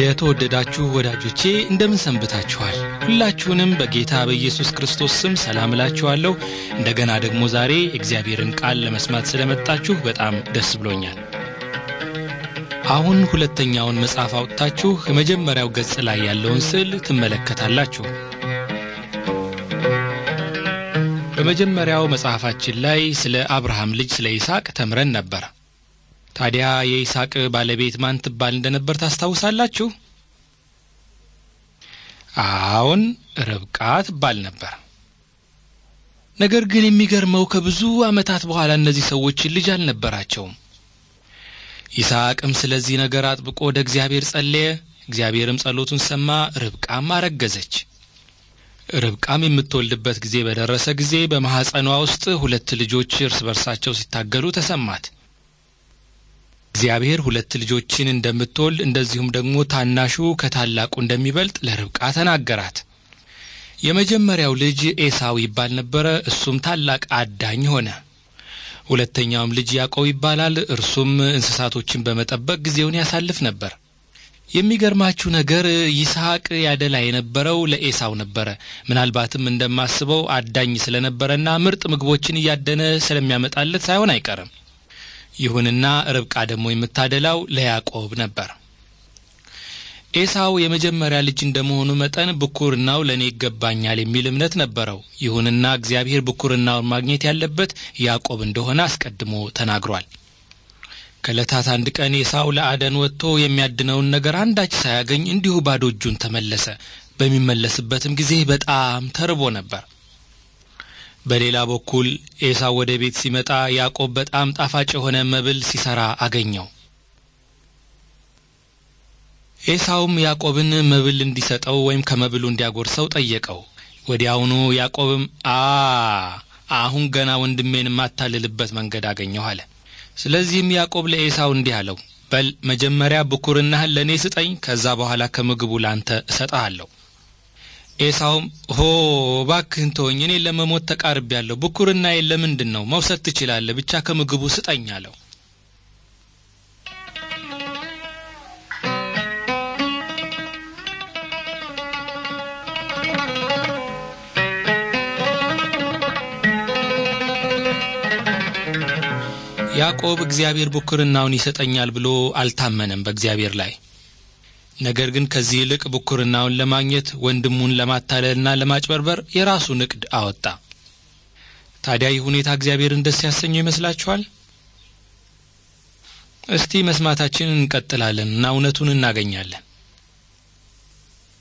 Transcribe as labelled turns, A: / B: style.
A: የተወደዳችሁ ወዳጆቼ እንደምን ሰንብታችኋል? ሁላችሁንም በጌታ በኢየሱስ ክርስቶስ ስም ሰላም እላችኋለሁ። እንደገና ደግሞ ዛሬ እግዚአብሔርን ቃል ለመስማት ስለመጣችሁ በጣም ደስ ብሎኛል። አሁን ሁለተኛውን መጽሐፍ አውጥታችሁ የመጀመሪያው ገጽ ላይ ያለውን ስዕል ትመለከታላችሁ። በመጀመሪያው መጽሐፋችን ላይ ስለ አብርሃም ልጅ ስለ ይስሐቅ ተምረን ነበር። ታዲያ የይስሐቅ ባለቤት ማን ትባል እንደነበር ታስታውሳላችሁ? አሁን ርብቃ ትባል ነበር። ነገር ግን የሚገርመው ከብዙ ዓመታት በኋላ እነዚህ ሰዎች ልጅ አልነበራቸውም። ይስሐቅም ስለዚህ ነገር አጥብቆ ወደ እግዚአብሔር ጸለየ። እግዚአብሔርም ጸሎቱን ሰማ። ርብቃም አረገዘች። ርብቃም የምትወልድበት ጊዜ በደረሰ ጊዜ በማኅፀኗ ውስጥ ሁለት ልጆች እርስ በርሳቸው ሲታገሉ ተሰማት። እግዚአብሔር ሁለት ልጆችን እንደምትወልድ እንደዚሁም ደግሞ ታናሹ ከታላቁ እንደሚበልጥ ለርብቃ ተናገራት። የመጀመሪያው ልጅ ኤሳው ይባል ነበረ፣ እሱም ታላቅ አዳኝ ሆነ። ሁለተኛውም ልጅ ያዕቆብ ይባላል፣ እርሱም እንስሳቶችን በመጠበቅ ጊዜውን ያሳልፍ ነበር። የሚገርማችሁ ነገር ይስሐቅ ያደላ የነበረው ለኤሳው ነበረ። ምናልባትም እንደማስበው አዳኝ ስለነበረና ምርጥ ምግቦችን እያደነ ስለሚያመጣለት ሳይሆን አይቀርም። ይሁንና ርብቃ ደግሞ የምታደላው ለያዕቆብ ነበር። ኤሳው የመጀመሪያ ልጅ እንደመሆኑ መጠን ብኩርናው ለእኔ ይገባኛል የሚል እምነት ነበረው። ይሁንና እግዚአብሔር ብኩርናውን ማግኘት ያለበት ያዕቆብ እንደሆነ አስቀድሞ ተናግሯል። ከዕለታት አንድ ቀን ኤሳው ለአደን ወጥቶ የሚያድነውን ነገር አንዳች ሳያገኝ እንዲሁ ባዶ እጁን ተመለሰ። በሚመለስበትም ጊዜ በጣም ተርቦ ነበር። በሌላ በኩል ኤሳው ወደ ቤት ሲመጣ ያዕቆብ በጣም ጣፋጭ የሆነ መብል ሲሰራ አገኘው። ኤሳውም ያዕቆብን መብል እንዲሰጠው ወይም ከመብሉ እንዲያጎርሰው ጠየቀው። ወዲያውኑ ያዕቆብም አ አሁን ገና ወንድሜን የማታልልበት መንገድ አገኘሁ አለ። ስለዚህም ያዕቆብ ለኤሳው እንዲህ አለው፣ በል መጀመሪያ ብኩርናህን ለእኔ ስጠኝ፣ ከዛ በኋላ ከምግቡ ላንተ እሰጠሃለሁ። ኤሳውም ሆ እባክህን ተወኝ፣ እኔ ለመሞት ያለሁ ብኩርናዬ ለምንድን ነው? መውሰድ ትችላለህ፣ ብቻ ከምግቡ ስጠኝ አለው። ያዕቆብ እግዚአብሔር ብኩርናውን ይሰጠኛል ብሎ አልታመነም በእግዚአብሔር ላይ። ነገር ግን ከዚህ ይልቅ ብኩርናውን ለማግኘት ወንድሙን ለማታለልና ለማጭበርበር የራሱን እቅድ አወጣ። ታዲያ ይህ ሁኔታ እግዚአብሔርን ደስ ያሰኘው ይመስላችኋል? እስቲ መስማታችንን እንቀጥላለን እና እውነቱን እናገኛለን።